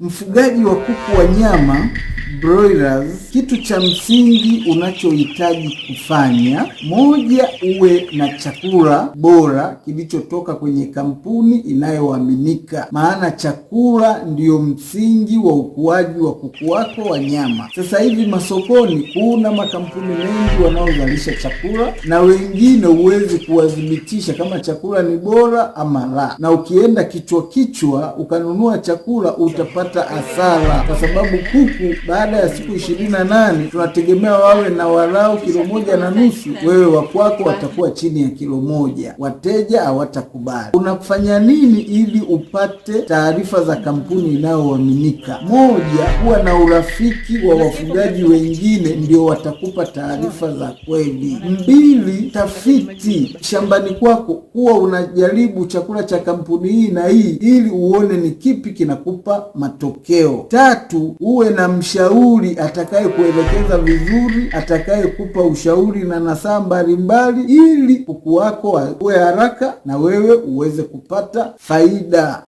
Mfugaji wa kuku wa nyama broilers kitu cha msingi unachohitaji kufanya, moja, uwe na chakula bora kilichotoka kwenye kampuni inayoaminika, maana chakula ndiyo msingi wa ukuaji wa kuku wako wa nyama. Sasa hivi masokoni kuna makampuni mengi wanaozalisha chakula, na wengine huwezi kuwadhibitisha kama chakula ni bora ama la, na ukienda kichwa kichwa ukanunua chakula utapata hasara, kwa sababu kuku baada ya siku ishirini nane tunategemea wawe na walau kilo moja na nusu, wewe wakwako watakuwa chini ya kilo moja. Wateja hawatakubali. Unafanya nini ili upate taarifa za kampuni inayoaminika? Moja, huwa na urafiki wa wafugaji wengine, ndio watakupa taarifa za kweli. Mbili, tafiti shambani kwako, kuwa unajaribu chakula cha kampuni hii na hii ili uone ni kipi kinakupa matokeo. Tatu, uwe na mshauri atakaye kukuelekeza vizuri, atakayekupa ushauri na nasaha mbalimbali, ili kuku wako akue haraka na wewe uweze kupata faida.